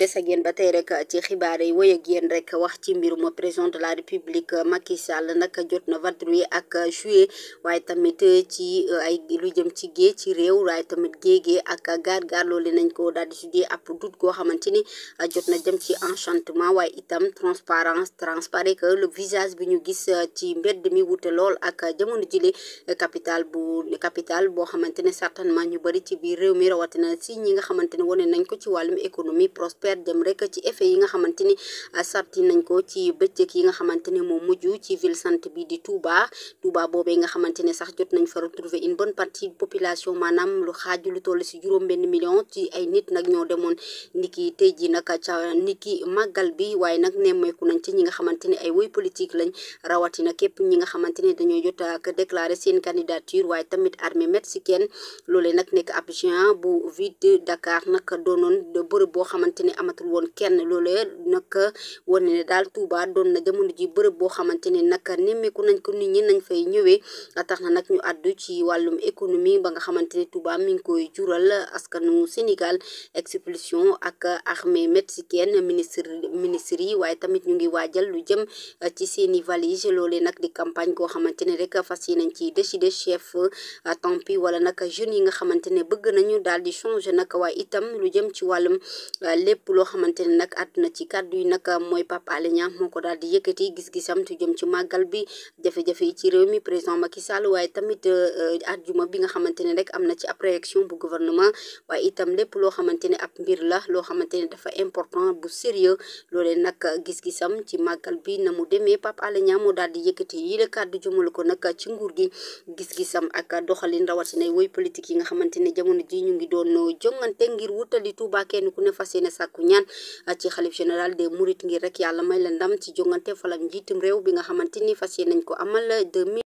des ak ba tey rek ci xibaar yi wéy ak yéen rek wax ci mbirum président de la république Macky Sall nag jot na vadrouiller ak juillet waaye tamit ci euh, ay lu jëm ci géej ci réew waaye tamit géegee ak gaar gaar loolu nañ ko daal di sudee dut goo xamante ni euh, jot na jëm ci enchantement waaye itam transparence transparent que le visage bi ñu gis euh, ci mbedd mi wute lool ak jamono jile capital bu capital boo xamante ne certainement ñu bëri ci biir réew mi rawatina si ñi nga xamante ne nañ ko ci wàllum économie prospère affaire jëm rek ci effet yi nga xamante ni ah, sarti nañ ko ci bëccëg yi nga xamante ne moo mujj ci ville sainte bi di Touba Touba boobee nga xamante ne sax jot nañ fa retrouver une bonne partie population maanaam lu xaaju lu toll si juróom benn million ci ay nit nag ñoo demoon niki tey jii ca niki màggal bi waaye nag nemmeeku nañ ci ñi nga xamante ne ay woy politique lañ rawatina képp ñi nga xamante ne dañoo jot ak déclarer seen candidature waaye tamit armée mexicaine loolee nag nekk ab juin bu ville de Dakar nag doonoon bërëb boo xamante ne amatul woon kenn loolee nag wane ne daal Touba doon na jamono ji bërëb boo xamante ne nag nemmeeku nañ ko nit ñi nañ fay ñëwee tax na nag ñu àddu ci wàllum économie ba nga xamante ne Touba mi ngi koy jural askanu Sénégal expulsion ak armée mexicaine ministre ministre yi waaye tamit ñu ngi waajal lu jëm ci seeni i valise loolee nag di campagne koo xamante ne rek fas yi nañ ci décider chef tant pis wala nag jeunes yi nga xamante ne bëgg nañu daal di changer nag waaye itam lu jëm ci wàllum loo xamante ne nag àdduna ci kàddu yi nag mooy Pape Alé Niang moo ko daal di yëkkati gis-gisam ci jëm ci màggal bi jafe-jafe yi ci réew mi président Macky Sall waaye tamit euh, àjjuma bi nga xamante ne rek am na ci ab réaction bu gouvernement waaye itam lépp loo xamante ne ab mbir la loo xamante ne dafa important bu sérieux loole nag gis-gisam ci màggal bi na mu demee Pape Alé Niang moo daal di yëkkati yi la kàddu jëmale ko nag ci nguur gi gis-gisam ak doxalin rawatina woy politique yi nga xamante ne jamono ji ngi doon jongante ngir sàkku ñaan ah, ci xalif général des Mourides ngir rek yàlla may la ndam ci jongante falam njiitum réew bi nga xamante ni fas yéene nañ ko amal 2000